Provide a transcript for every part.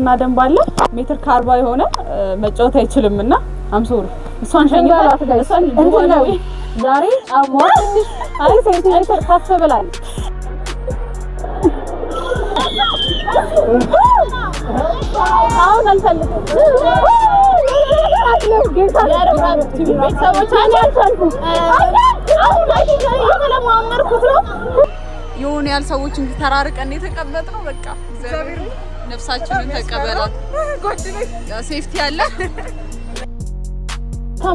እና ደንብ አለ ሜትር ከአርባ የሆነ መጫወት አይችልም እና አምሶሩ እሷን ሸኝታት እሷን ዛሬ አይ ሴንቲሜትር ከፍ አሁን አልፈልግም። የሆነ ያህል ሰዎች የተቀመጥነው በቃ እግዚአብሔር ነፍሳችንን ተቀበላ። ሴፍቲ አለ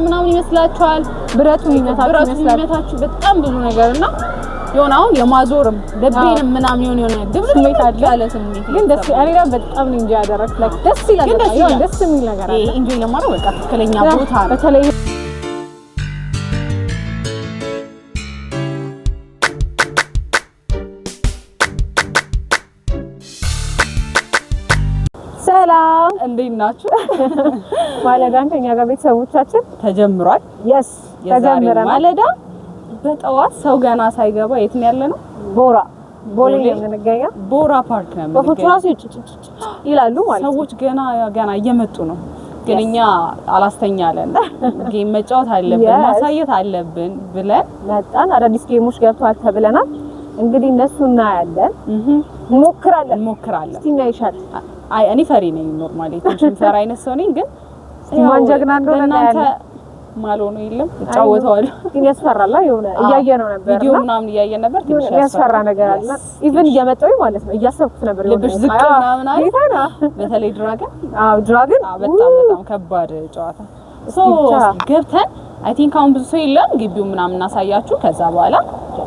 ምናምን ይመስላችኋል። ብረቱ ይመታችሁ በጣም ብዙ ነገር እና የሆነ አሁን የማዞርም ልቤንም ምናምን የሆነ የሆነ ድብድብ ስሜት አለ። ግን ደስ እኔ በጣም ነው እንጂ ያደረግኩት ደስ ይላል። ደስ የሚል ነገር አለ። እንጂ ለማድረግ በቃ ትክክለኛ ቦታ ነው በተለይ ሰላም እንዴት ናችሁ? ማለዳ ከኛ ጋር ቤተሰቦቻችን ተጀምሯል። የስ ተጀምረ ማለዳ በጠዋት ሰው ገና ሳይገባ የት ነው ያለ ነው? ቦራ ቦሌ የምንገኘው ቦራ ፓርክ ነው። በፎቶራስ ይላሉ ማለት ሰዎች ገና ገና እየመጡ ነው፣ ግን እኛ አላስተኛ አለን። ጌም መጫወት አለብን ማሳየት አለብን ብለን መጣን። አዳዲስ ጌሞች ገብተዋል ተብለናል። እንግዲህ እነሱ እናያለን፣ ሞክራለን ሞክራለን። እስቲ እናይሻለን አይ እኔ ፈሪ ነኝ። ኖርማሊ ትንሽም ፈሪ አይነት ሰው ነኝ። ግን ማን ጀግና እንደሆነ እናንተ ማልሆኑ የለም እጫወተዋል። ግን ያስፈራል። የሆነ እያየ ነው ነበር ቪዲዮ ምናምን እያየ ነበር። ትንሽ ያስፈራ ነገር አለ። ኢቭን እየመጣሁ ማለት ነው እያሰብኩት ነበር ልብሽ ዝቅ ምናምን አለ። በተለይ ድራገን አዎ፣ ድራገን በጣም በጣም ከባድ ጨዋታ ሶ ገብተን አይ ቲንክ አሁን ብዙ ሰው የለም ግቢው ምናምን እናሳያችሁ። ከዛ በኋላ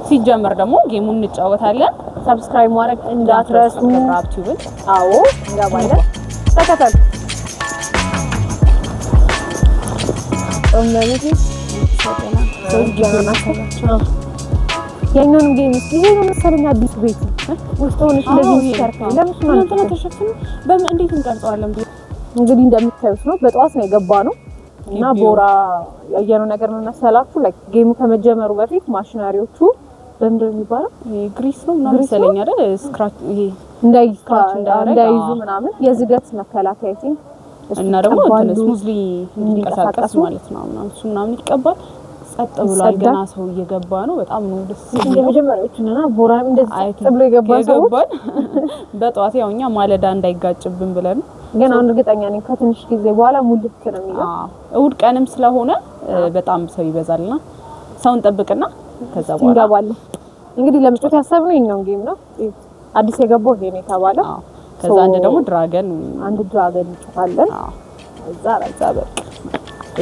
ሲጀምር ደግሞ ጌሙን እንጫወታለን። ሰብስክራይብ ማድረግ እንዳትረሱ። ራብቲውን አዎ፣ እንገባለን። ተከተል ጌም ይሄ ነው መሰለኝ አዲሱ ቤት ውስጥ ሆነሽ እንደዚህ የሚሸርፍ ለምን በምን እንዴት እንቀርጸዋለን? እንግዲህ እንደምታዩት ነው። በጠዋት ነው የገባ ነው እና ቦራ ያየነው ነገር ምን መሰላችሁ? ላይክ ጌሙ ከመጀመሩ በፊት ማሽናሪዎቹ በምንድን ነው የሚባለው? ግሪስ ነው ምናምን መሰለኝ አይደል? ስክራች ይሄ እንዳይ ስክራች እንዳይስክራች እንዳይዙ ምናምን የዝገት መከላከያ ሲን እና ደግሞ ስሙዝሊ እንዲንቀሳቀስ ማለት ነው ምናምን እሱ ምናምን ይቀባል። ጸጥ ብሏል። ገና ሰው እየገባ ነው። በጣም ነው ደስ የሚለው። የመጀመሪያዎቹ እና ቦራም እንደዚህ ጸጥ ብሎ የገባ ሰው በጠዋት ያው እኛ ማለዳ እንዳይጋጭብን ብለን ግን አሁን እርግጠኛ ነኝ ከትንሽ ጊዜ በኋላ ሙልት ነው የሚለው። እሑድ ቀንም ስለሆነ በጣም ሰው ይበዛልና ሰውን ጠብቅና ከዛ በኋላ እንገባለን። እንግዲህ ለምጮት ያሰብነው የኛውን ጌም ነው። አዲስ የገባው ይሄ ነው የተባለው። ከዛ አንድ ደግሞ ድራገን አንድ ድራገን እንጫወታለን። እዛ በቃ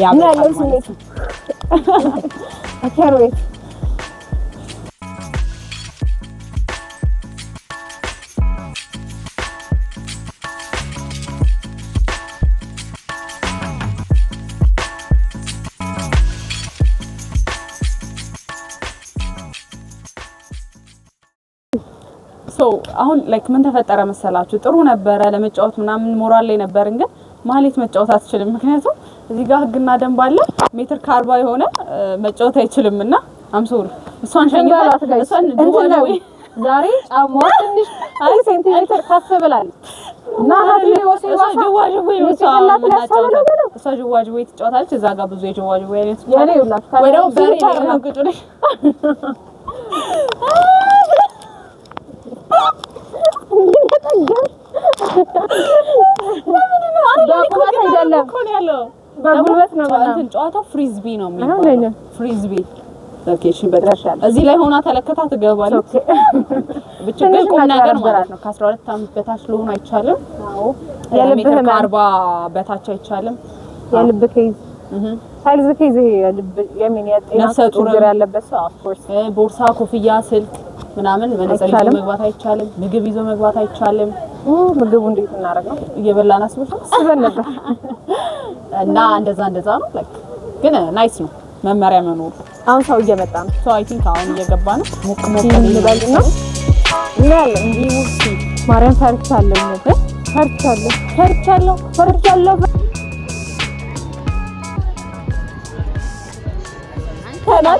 ያለው ስሜት አሁን ላይክ ምን ተፈጠረ መሰላችሁ? ጥሩ ነበረ ለመጫወት ምናምን ሞራል ላይ ነበርን፣ ግን ማህሌት መጫወት አትችልም። ምክንያቱም እዚህ ጋር ህግና ደንብ አለ። ሜትር ከአርባ የሆነ መጫወት አይችልም እና አምሶሪ እሷን ሸኝታት እሷን ድዋላዊ ዛሬ ጫማዋ ትንሽ አይ ሴንቲሜትር ከፍ ብላል። እና እሷ ጅዋጅዌ ትጫወታለች። እዛ ጋር ብዙ የጅዋጅዌ አይነት ወዲያው በሬ ነው ግጡ በጉልበት እዚህ ላይ ሆና ተለከታ ትገባለች። ብቻ ግን ቁም ነገር ማለት ነው። ከአስራ ሁለት ዓመት በታች ልሆን አይቻልም። ሜትር ከአርባ በታች አይቻልም። የልብ ኬዝ ነፍሰ ጡር ያለበት ቦርሳ፣ ኮፍያ፣ ስልክ ምናምን መነጽር ይዞ መግባት አይቻልም። ምግብ ይዞ መግባት አይቻልም። ምግቡ እንዴት እናደርግ ነው? እየበላን አስበሻል? ነበር እና እንደዛ እንደዛ ነው። ላይክ ግን ናይስ ነው መመሪያ መኖሩ። አሁን ሰው እየመጣ ነው። ሰው አይ ቲንክ አሁን እየገባ ነው። ሞቅ ሞቅ እንበል እና ይላል እንዴ ሙስቲ ማርያም ፈርቻለሁ ነው ፈርቻለሁ ፈርቻለሁ ፈርቻለሁ ተናል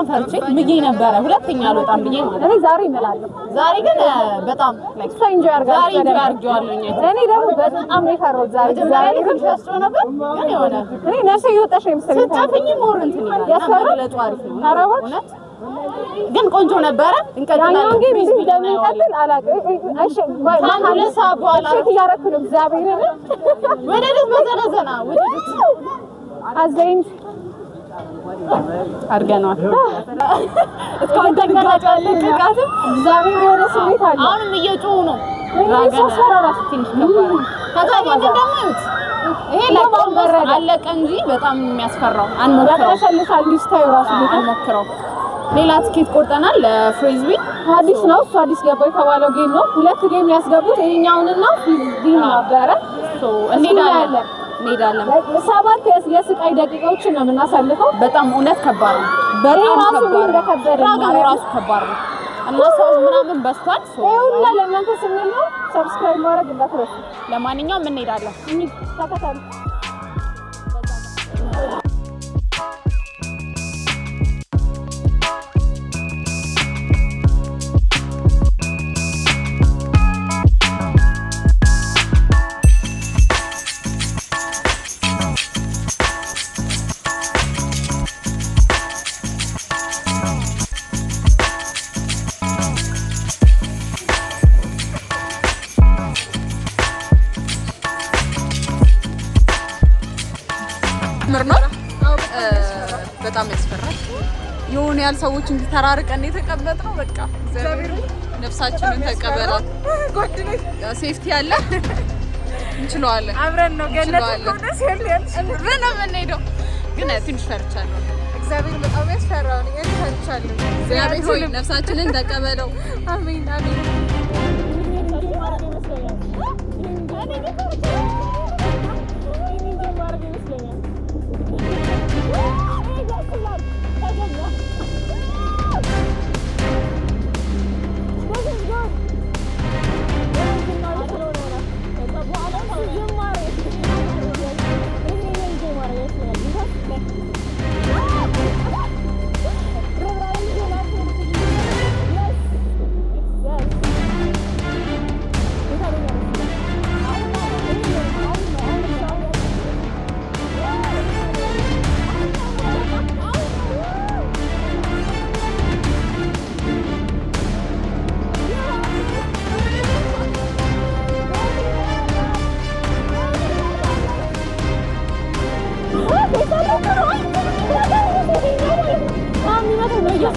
በጣም ፈርቼ ብዬ ነበረ። ሁለተኛ አልወጣም ብዬ ማለት እኔ ዛሬ እምላለሁ። ዛሬ ግን በጣም ላይክ እኔ ደግሞ በጣም ነው የፈራሁት። ዛሬ ዛሬ ግን ተስቶ ነበር ግን የሆነ እኔ ነፍሴ እየወጣሽ ነው የምትሰሚው። ስታፈኝ ሞር እንትን ይላል ግን ቆንጆ ነበረ። እንቀጥላለን እንደምንቀጥል አላውቅም። እሺ ወደ ደስ መዘነዘና ወደ ደስ አዘኝ አድርገናል። እስካሁን ተግጋጫለቃትም እግዚአብሔር የሆነ ስሜት አለ። አሁንም እየጮሁ ነው። ይሄ አለቀ እንጂ በጣም የሚያስፈራው አንሞክረው። ሌላ ትኬት ቆርጠናል ለፍሪዝቢ አዲስ ነው እሱ አዲስ ገባ የተባለው ጌም ነው። ሁለት ጌም ያስገቡት ይሄኛውንና ፍሪዝቢ ነበረ እንሄዳለን እንሄዳለን። ሰባት የስቃይ ደቂቃዎችን ነው የምናሳልፈው። በጣም እውነት ከባድ ነው። በጣም ራሱ እንደከበደ ራሱ ከባድ ነው እና ሰው ምናምን በስቷል። ሁላ ለእናንተ ስንል ነው። ሰብስክራይብ ማድረግ እንዳትረሱ። ለማንኛውም እንሄዳለን። ተከተሉ ሰዎች እንዲተራርቀን የተቀመጥነው በቃ እግዚአብሔር ነፍሳችንን ተቀበላ። ተቀበላት። ሴፍቲ አለ፣ እንችለዋለን። አብረን ነው ገነት ነው የምንሄደው። ግን ትንሽ ፈርቻለሁ። እግዚአብሔር በጣም ያስፈራል። ፈርቻለሁ። እግዚአብሔር ሆይ ነፍሳችንን ተቀበለው። አሜን አሜን።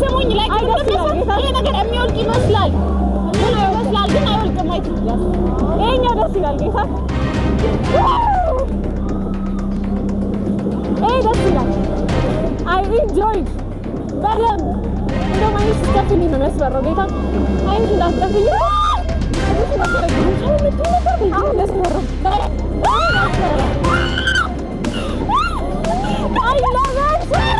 ስሙኝ ላይ ይሄ ነገር የሚወልቅ ይመስላል ይመስላል ግን አይወልቅም። ማየት ይሄኛው ደስ ይላል። ጌታ ይሄ ደስ ይላል። አይ ኢንጆይ በደንብ እንደውም አይነት ስትከፍል ነው የሚያስፈራው። ጌታ አይነት እንዳትከፍል አሁን ያስፈራው I love it!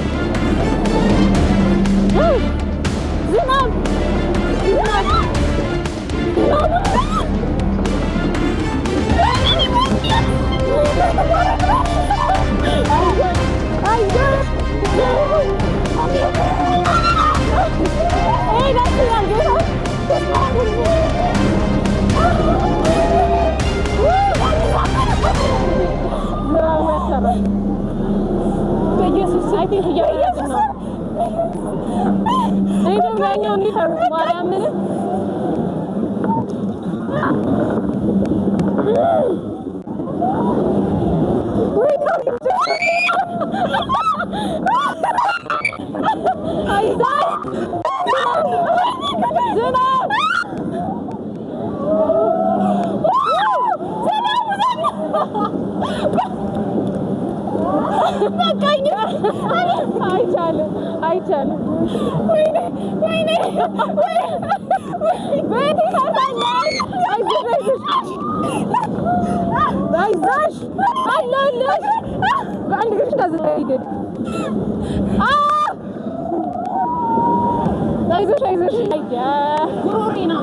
Ay, no me hagan ni por cuatro minutos. Oh! አይቻልም፣ አይቻልም። አይዞሽ፣ አለሁልሽ። በአንድ እግርሽ እንዳዘላ ሂደድ አይዞሽ አይዞሽ ጉሮሬ ነው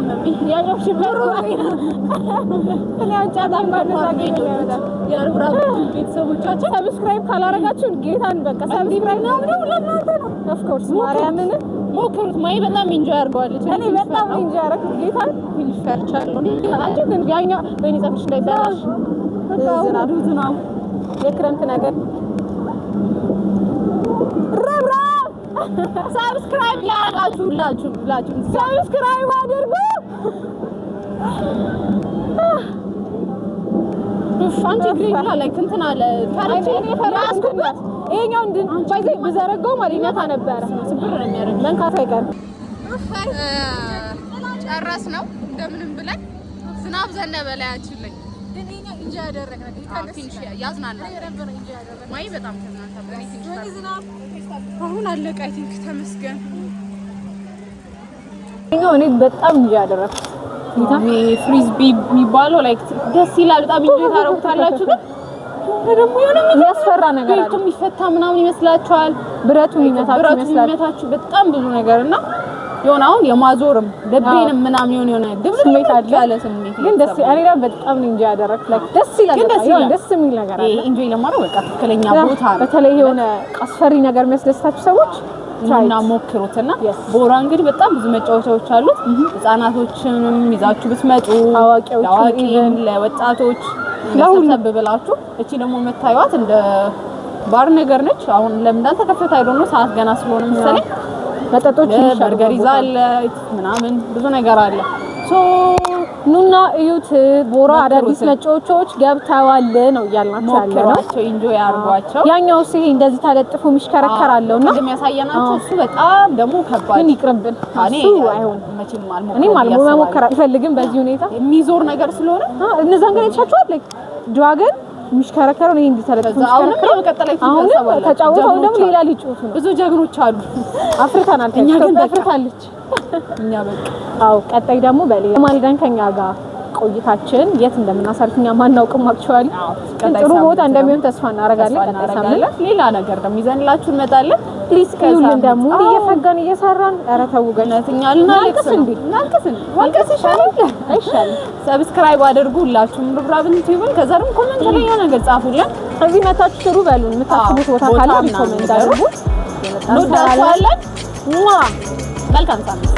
ቤተሰቦቻችን ሰብስክራይብ ካላረጋችሁን ጌታን በቃ ሰብስክራይብ ነው ለእናንተ ነው። ኦፍኮርስ ማርያምን ሞክሩት። ማይ በጣም ኢንጆይ አድርገዋለች። እኔ በጣም ኢንጆይ አደረኩት። ጌታን ትንሽ ፈርቻለሁ። ግን ያኛው በእኔ ጸፍሽ እንዳይበላሽ ዝናብ ነው የክረምት ነገር ሰብስክራይብ ያደርጋችሁ ሁላችሁ ሁላችሁ ሰብስክራይብ አድርጉ። አንቺ ግሪና ላይ እንትን አለ ታሪክ ያስኩበት ይሄኛው እንድን ባይዘ ብዘረጋው ማለት ይመታ ነበረ። ስብር ነው የሚያደርግ መንካት አይቀርም። ጨረስ ነው እንደምንም ብለን ዝናብ ዘነበ ላያችን ላይ ያደረግ ያዝናናል ወይ በጣም አሁን አለቀ። አይ ቲንክ ተመስገን። እኔ በጣም እንጂ ያደረኩት ፍሪዝቢ የሚባለው ላይክ ደስ ይላል። በጣም እንጂ ታረጉታላችሁ ግን ደግሞ የሆነ የሚያስፈራ ነገር አለ። የሚፈታ ምናምን ይመስላችኋል። ብረቱ የሚመታችሁ በጣም ብዙ ነገር እና የሆነ አሁን የማዞርም ልቤንም ምናምን የሆነ የሆነ ድብ ስሜት አለ። ስሜት ግን ደስ እኔ ላይ በጣም ነው እንጂ ያደረኩት። ላይክ ደስ ይላል፣ ግን ደስ ይላል። ደስ የሚል ነገር አለ። ኢንጆይ ለማድረግ በቃ ትክክለኛ ቦታ ነው። በተለይ የሆነ አስፈሪ ነገር የሚያስደስታችሁ ሰዎች እና ሞክሩትና ቦራ እንግዲህ በጣም ብዙ መጫወቻዎች አሉት። ህጻናቶችንም ይዛችሁ ብትመጡ ለአዋቂ ለወጣቶች ለሁሉም ብላችሁ እቺ ደግሞ መታየዋት እንደ ባር ነገር ነች። አሁን ለምን እንዳልተከፈተ አይደለም ሰዓት ገና ስለሆነ መሰለኝ መጠጦች በርገር ይዛል ምናምን ብዙ ነገር አለ። ሶ ኑና እዩት። ቦራ አዳዲስ መጫወቻዎች ገብተዋል ነው እያልናቸው ያለ ነው። ኢንጆይ አድርጓቸው። ያኛው ይሄ እንደዚህ ተለጥፎ የሚሽከረከር አለው እና ያሳየናቸው እሱ በጣም ደግሞ ከባድ ግን ይቅርብን። እሱ አይሆን መቼም አልሞከረ እኔ ማለት መሞከር አይፈልግም በዚህ ሁኔታ የሚዞር ነገር ስለሆነ እነዛን ግን አይቻችኋል ድራገን የሚሽከረከረው ነው። እንዴት አለ ተጫወተው ደግሞ ሌላ ሊጮት ነው። ብዙ ጀግኖች አሉ። አፍርተናል፣ እኛ ግን አፍርታለች። እኛ በቃ አዎ። ቀጣይ ደግሞ በሌላ ማልዳን ከኛ ጋር ቆይታችን የት እንደምናሳልፍ እኛ ማናውቅም። አክቹዋሊ ጥሩ ቦታ እንደሚሆን ተስፋ እናደርጋለን። ሌላ ነገር ደግሞ ይዘንላችሁ እንመጣለን። ፕሊስ ከሁሉም ደግሞ እየፈጋን እየሰራን ኧረ ተው ገነትኛ ልናልቅስ እንዴ ልናልቅስ እንዴ ዋልቀስ ይሻላል አይሻልም ሰብስክራይብ አድርጉ ሁላችሁም ርብራብን ዩቲዩብን ከዛ ደግሞ ኮሜንት ላይ የሆነ ነገር ጻፉልን እዚህ መታች ስሩ በሉን የምታስቡት ቦታ ካለ ኮሜንት አድርጉ እንወዳችኋለን መልካም ሳምንት